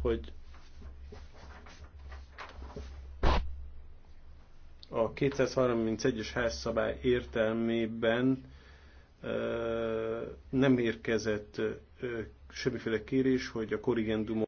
hogy a 231-es házszabály értelmében nem érkezett semmiféle kérés, hogy a korrigendumot